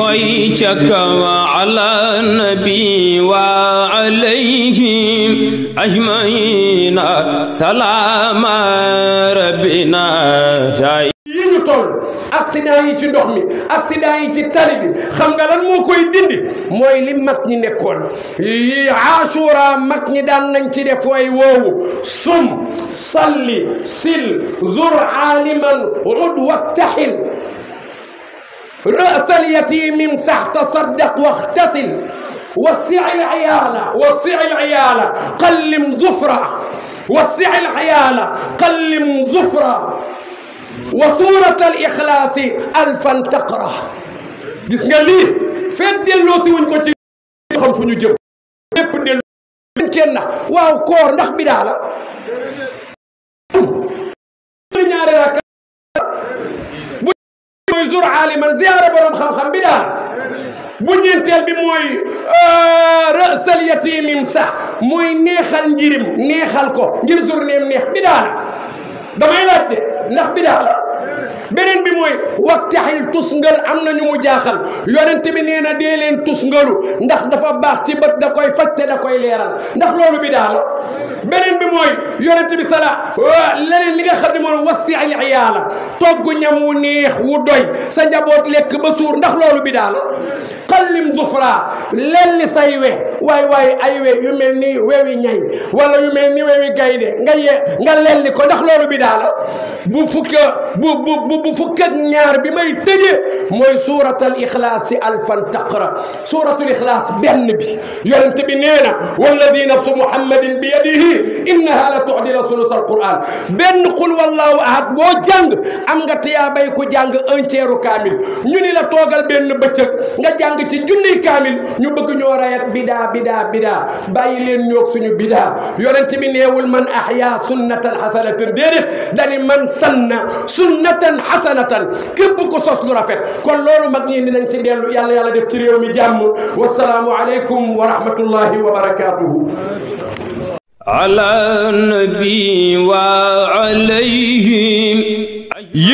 خيتك وعلى النبي وعليهم أجمعين سلام ربنا جاي accident yi ci ndox mi accident yi ci tali bi xam nga lan moo koy dindi mooy li mag ñi nekkoon yi asura mag ñi daan nañ ci def way woowu sum salli sil zur aliman ud wabtahil رأس اليتيم امسح تصدق واغتسل وسع العيالة وسع العيالة قلم ظفرة وسع العيالة قلم ظفرة وصورة الإخلاص ألفا تقرأ gis لي فد fekk delloo si wuñ ko ci xam fu ñu jëm lépp delloo يزور عالما زياره بروم خم خم بدا بنيتل بموي آه، راس اليتيم يمسح موي نيخال نجيرم نيخال كو نجير زور نيم نيخ بدا دا ماي لاج دي نخ بدا benen bi moy waqtahil tusngal amna ñu mu jaaxal yonenti bi neena de len tusngalu ndax dafa bax ci bët da koy faj da koy leral ndax lolu bi daal benen bi moy yonenti bi sala leneen li nga xamni ne wasi al iyaala togg ñam neex wu doy sa njaboot lek ba sur ndax lolu bi daal xallim lel li say we way way ay we yu melni wewi ñay wala yu melni wewi gayde nga ye nga li ko ndax lolu bi daal bu fukk bu bu bu fukk ak ñaar bi may tëjee mooy suuratal ixlaasi alfan taqra suuratul ixlaas benn bi yonent bi nee na walladi nafsu muhammadin bi yadihi innaha la tuxdila sulus alquran benn xul wallahu ahad boo jàng am nga tiyaabay ku jàng un tiers kaamil ñu ni la toogal benn bëccëg nga jàng ci junniy kaamil ñu bëgg ñoo ray ak bidaa bidaa bidaa bàyyi leen ñoog suñu bidaa yonent bi neewul man ahya sunnatan hasanatan déedéet dani man sanna sunnatan hasanatan képp ku sos lu rafet kon loolu mag ñi dinañ ci dellu yàlla yàlla def ci réew mi jàmm wasalaamu aleykum wa rahmatullahi wa barakatuhu ala nabi wa alayhi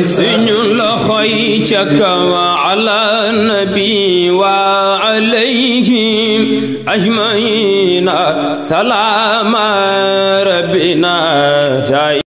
سن لخي شك وعلى النبي وعليهم أجمعين سلام ربنا جاي